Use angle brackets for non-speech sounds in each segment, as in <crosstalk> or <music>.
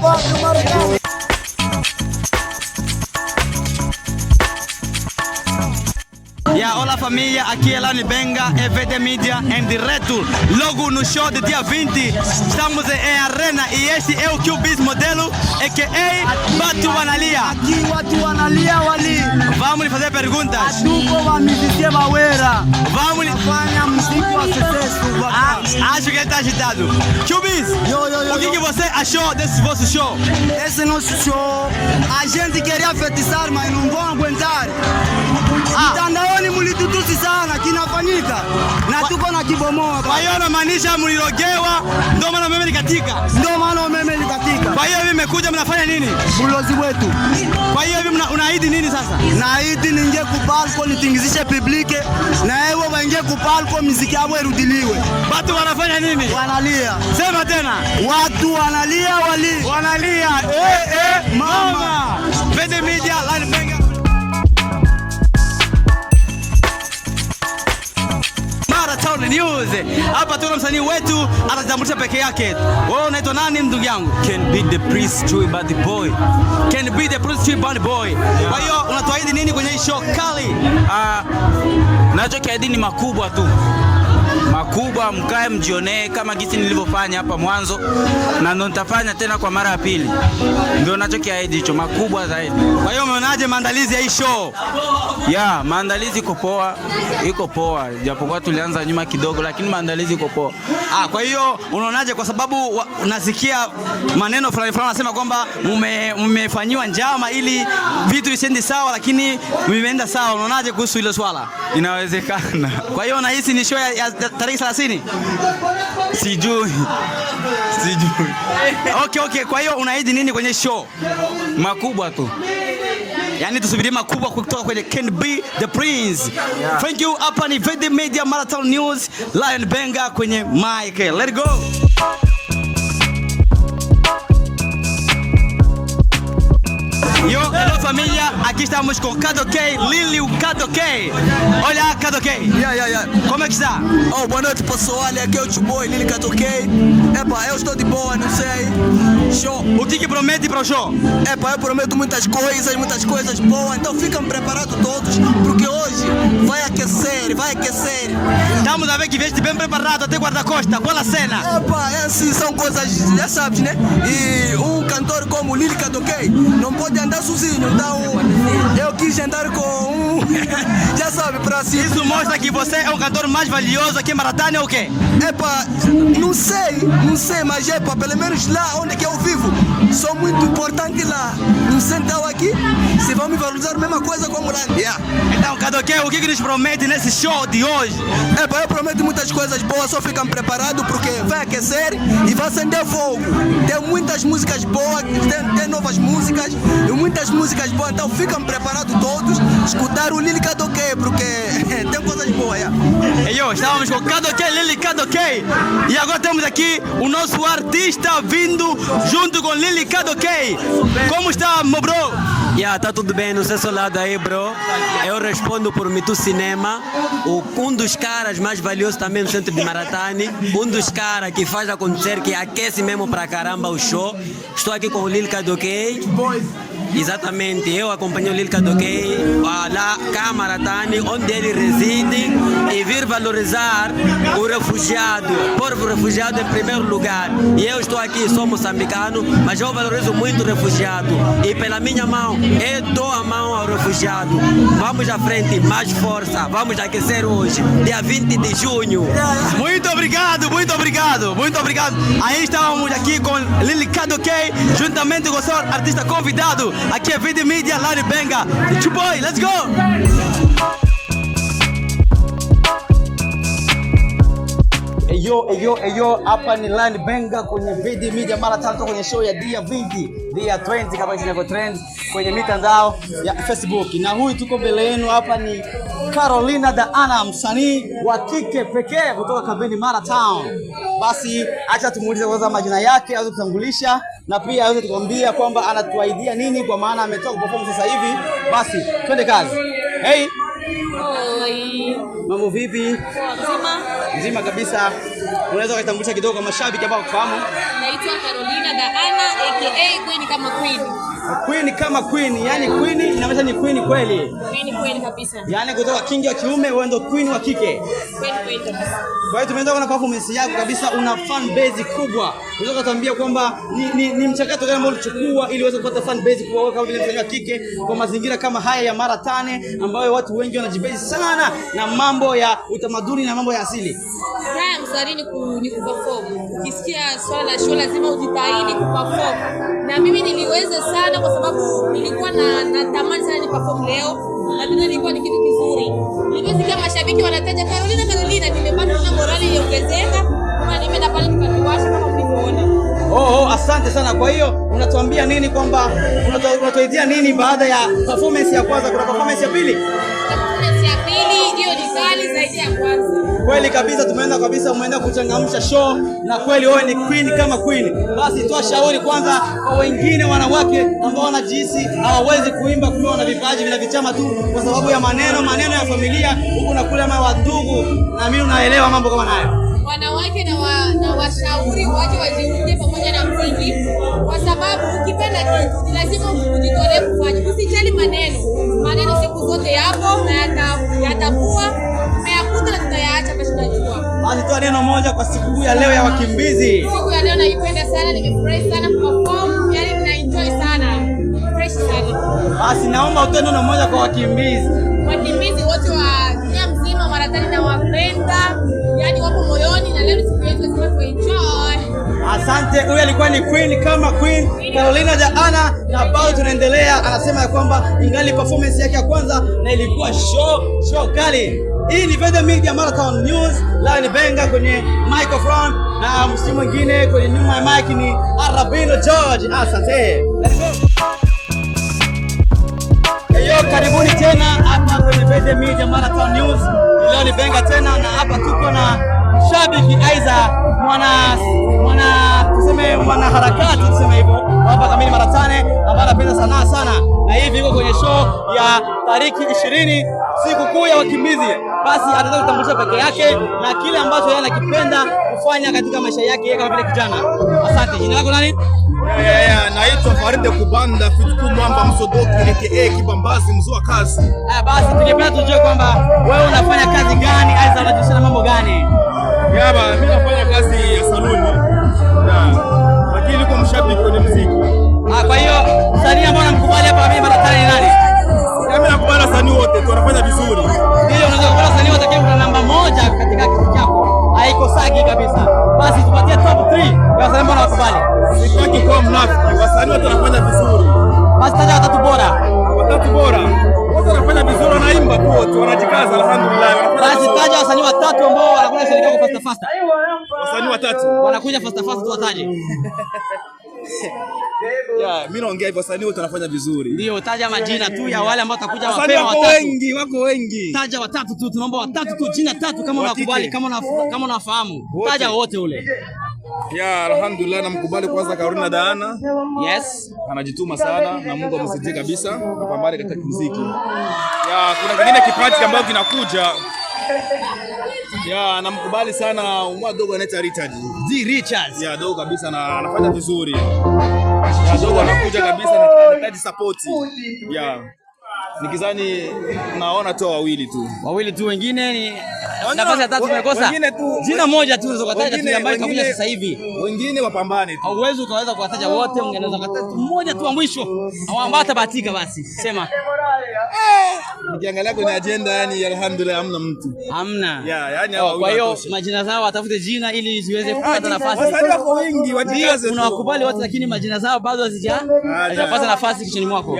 Bob, come on olá família, aqui é Lani Benga, EVD Media em direto, logo no show de dia 20, estamos em arena e este é o Cubis modelo, a.k.a. Batu Analia. Aqui Batu Analia wali. Vamos lhe fazer perguntas. Vamos lhe... Ah, acho que ele está agitado. Cubis, o que, que você achou desse vosso show? Esse nosso show, a gente queria fetiçar, mas não vão aguentar. Ah. Mtandaoni mlitutusi sana, kinafanyika na tuko na kibomoa. Kwa hiyo namaanisha mlilogewa, ndio maana umeme likatika, ndio maana umeme likatika. Kwa hiyo hivi mmekuja mnafanya nini ulozi wetu? Kwa hiyo hivi unaahidi nini sasa? Naahidi ninge kupalko nitingizishe publike na hiyo waingie kupalko, miziki yao irudiliwe. Watu wanafanya nini? Wanalia. Sema tena, watu wanalia, wali wanalia, eh, eh, mama msanii wetu atajitambulisha peke yake. Wewe unaitwa nani ndugu yangu? Can be the prince Chui Bad Boy. Can be the prince Chui Bad Boy. Kwa hiyo unatuahidi nini kwenye hii show kali? Ah, uh, nacho kiahidi ni makubwa tu makubwa, mkae mjionee kama gisi nilivyofanya hapa mwanzo, na ndo nitafanya tena kwa mara ya pili. Ndio nachokiahidi hicho, makubwa zaidi. Kwa hiyo umeonaje maandalizi ya hii show? Yeah, maandalizi iko poa, iko poa, japokuwa tulianza nyuma kidogo, lakini maandalizi iko poa. Ah, kwa hiyo unaonaje, kwa sababu wa, nasikia maneno fulani fulani anasema kwamba mmefanyiwa njama ili vitu visiendi sawa, lakini vimeenda sawa. Unaonaje kuhusu hilo swala? Inawezekana. Kwa hiyo nahisi ni show ya, ya, tarehe 30? Sijui. Sijui. Okay, okay. Kwa hiyo unaahidi nini kwenye show? Makubwa tu. Yaani tusubirie makubwa kutoka kwenye Can Be The Prince. Yeah. Thank you. Hapa ni Vedi Media Marathon News, Lion Benga kwenye mic. Let go. Yo, hello família, aqui estamos com Kadokei, Liliu Olha, Olá Kadokei. Yeah, yeah, yeah. Como é que está? Oh, boa noite pessoal, aqui é o Chuboy, Lili Kadokei. Epa, eu estou de boa, não sei. Show. O que, que promete para o show? Epa, eu prometo muitas coisas, muitas coisas boas, então ficam preparados todos, porque hoje vai aquecer, vai aquecer. Estamos a ver que veste bem preparado até guarda-costa, qual a cena? Epa, essas são coisas, já sabes, né? E um cantor como Lili Kadokei não pode andar suzinho sozinho, um eu quis andar com um. <laughs> Já sabe, pra cima. Isso mostra que você é o cantor mais valioso aqui em Maratânia né, ou o quê? Epa, não sei, não sei, mas epa, pelo menos lá onde que eu vivo, sou muito importante lá. Sentar aqui, se vão me valorizar a mesma coisa como lá. Yeah. Então, Cadoque, o que, que nos promete nesse show de hoje? É, eu prometo muitas coisas boas, só ficam preparados porque vai aquecer e vai acender fogo. Tem muitas músicas boas, tem, tem novas músicas e muitas músicas boas, então ficam preparados todos escutar o Lili Cadoque, porque <laughs> tem coisas boas. Yeah. E eu, estávamos com Cadoque, Lili Cadoque, e agora temos aqui o nosso artista vindo junto com Lili Cadoque. Como está, como, bro? Yeah, tá tudo bem no seu lado aí, bro. Eu respondo por Mitu Cinema, o, um dos caras mais valiosos também no centro de Maratani, um dos caras que faz acontecer, que aquece mesmo pra caramba o show. Estou aqui com o Lil Kadoquei. Exatamente, eu acompanho o Lil Kadoquei lá, Tani onde ele reside, e vir valorizar o refugiado, o povo refugiado em primeiro lugar. E eu estou aqui, sou moçambicano, mas eu valorizo muito o refugiado. E pela minha mão, eu dou a mão ao refugiado. Vamos à frente, mais força, vamos aquecer hoje, dia 20 de junho. Muito obrigado, muito obrigado, muito obrigado. Aí estávamos aqui com Lil Kadoquei, juntamente com o seu artista convidado. aqui akiwa Vidi Media Lari Benga. It's boy, let's go. Eyo, eyo, eyo, hapa ni Land Benga kwenye Vidi Media mara tatu kwenye show ya Dia Vidi Dia Trends kama inavyo trend kwenye mitandao ya Facebook, na huyu tuko mbele yenu hapa ni Carolina ana msanii wa kike pekee kutoka Kabeni Mara Town. Basi acha tumuulize kwanza majina yake aweze kutambulisha na pia aweze kutuambia kwamba anatuaidia nini, kwa maana ametoka perform sasa hivi. Basi twende kazi. Hey. Oi. Mambo vipi? Mzima. Nzima kabisa. Unaweza kutambulisha kidogo kwa mashabiki ambao kufahamu? Naitwa Carolina Daana aka Queen kama Queen. Queen kama queen, yani queen inaweza ni queen kweli. Queen queen kabisa. Yani kutoka kingi wa kiume wewe ndo queen wa kike. Queen queen kabisa. Kwa hiyo tumeenda kuona performance yako kabisa, una fan base kubwa. Unaweza kutuambia kwamba ni, ni, ni mchakato gani ambao ulichukua ili uweze kupata fan base kubwa kama vile msanii wa kike kwa mazingira kama haya ya mara tane ambayo watu wengi wanajibezi sana na mambo ya utamaduni na mambo ya asili usanii ni, kuperform. Ukisikia swala la show lazima ujitahidi kuperform, na mimi niliweza sana, kwa sababu nilikuwa na, natamani sana ni perform leo Madina nilikuwa ni kitu kizuri. Nilivyosikia mashabiki wanataja Carolina Carolina, nimepata na morali iliongezeka, kama nimeenda pale nikatuwasha kama mlivyoona. Oh, oh, asante sana. Kwa hiyo unatuambia nini kwamba unatuaidia nini baada ya performance ya kwanza, kuna performance ya pili? Kweli kabisa, tumeenda kabisa, umeenda kuchangamsha show na kweli wewe ni queen kama queen. Basi toa shauri kwanza kwa wengine wanawake ambao wanajihisi hawawezi kuimba, kumbe wana vipaji vina vichama tu kwa sababu ya maneno maneno ya familia huku na kule, ama wadugu, na mimi unaelewa mambo kama nayo wanawake na, wa, na washauri waje wajiunge pamoja na mwingi kwa sababu ukipenda kitu lazima ujitolee kufanya, usi ya leo ya wakimbizi. Siku ya leo naipenda sana, nimefurahi sana kuperform, yani enjoy sana, fresh sana. Basi naomba utoe neno moja kwa wakimbizi. Wakimbizi wote wa dunia mzima, maratani na wapenda, yani wapo moyoni, na leo ni siku yetu, lazima tuenjoy. Asante. Huyu alikuwa ni Queen kama Queen Carolina Jaana, na bado tunaendelea. Anasema ya kwamba ingali performance yake ya kwanza na ilikuwa show show kali. Hii ni Veda Media Marathon News, la ni benga kwenye microphone na msimu mwingine kwenye nyuma ya mic ni Arabino George. Asante. Heyo, karibuni tena hapa kwenye Veda Media Marathon News. Leo ni benga tena na hapa tuko na shabiki aidha mwana mwana tuseme mwana harakati tuseme hivyo, hapa kamili mara tane ambaye anapenda sanaa sana, na hivi yuko kwenye show ya tariki ishirini siku kuu ya wakimbizi, basi ataweza kutambulisha peke yake na kile ambacho yeye anakipenda kufanya katika maisha yake kama vile kijana. Asante. Jina lako nani? Yeah, yeah, Naitwa Faride Kubanda fitku Mwamba Msodoki aka Kibambazi mzoa kazi. Ah, basi tungependa tujue kwamba wewe una walikuwa fasta fasta, wasanii watatu wanakuja fasta fasta, wataje? Yeah, mimi naongea hivyo, wasanii wote wanafanya vizuri. Ndio, taja majina tu ya wale ambao watakuja mapema. Wako wengi, wako wengi. Taja watatu tu, tunaomba watatu tu, jina tatu kama unakubali, kama una kama unafahamu. Taja wote ule. Ya, alhamdulillah namkubali kwanza Karina Daana. Yes, anajituma sana na Mungu amsaidie kabisa, apambane katika muziki. Ya, kuna kingine kipati ambacho kinakuja <laughs> Yeah, namkubali sana umwa dogo anaitwa Richard. G Richards. Yeah, dogo kabisa na anafanya vizuri. Yeah, dogo anakuja kabisa na anahitaji support. Yeah. Nikizani naona tu wawili tu. Wawili tu wengine ni nafasi ya tatu tumekosa. Wengine tu jina moja tu unaweza kutaja tu ambaye kakuja sasa hivi. Wengine wapambane tu. Hauwezi ukaweza kuwataja wote, ungeweza kutaja mmoja tu wa mwisho au ambaye atabahatika basi. Sema ukiangalia eh! kwenye ajenda yani, alhamdulillah hamna mtu hamna. Yeah, yani oh, hawa kwa hiyo majina zao watafute jina ili ziweze ah, kupata nafasi. Wasanii wako wengi, watangaze, tunawakubali wote, lakini majina zao bado ah, hazijapata nafasi kichwani mwako.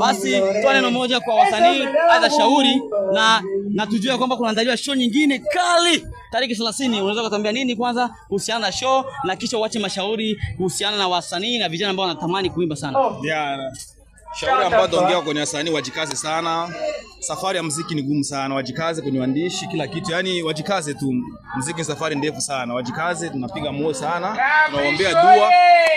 Basi toa neno moja kwa wasanii, aidha shauri, na na tujue kwamba kunaandaliwa show nyingine kali tariki 30. Unaweza kutuambia nini kwanza kuhusiana na show, na kisha uache mashauri kuhusiana na wasanii na vijana ambao wanatamani kuimba sana? Yeah. Shauri ambayo ataongea kwenye wasanii, wajikaze sana. Safari ya muziki ni gumu sana, wajikaze kwenye uandishi, kila kitu. Yaani wajikaze tu, muziki ni safari ndefu sana, wajikaze. Tunapiga moyo sana, tunaombea dua,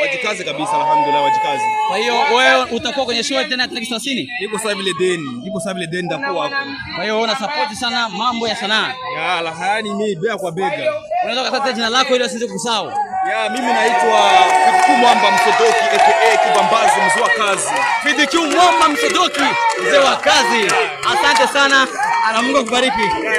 wajikaze kabisa. Alhamdulillah, wajikaze. Kwa hiyo wewe utakuwa kwenye show tena tarehe thelathini? Niko sasa vile deni, niko sasa vile deni, nitakuwa hapo. Kwa hiyo una support sana mambo ya sanaa, ya lahani, mimi bega kwa bega. Unaweza kusema jina lako ili asiweze kusahau ya, mimi naitwa Fidikiu Mwamba Msodoki aka Kibambazi mzee wa kazi. Fidikiu Mwamba Msodoki mzee wa kazi. Asante sana. Ana Mungu akubariki.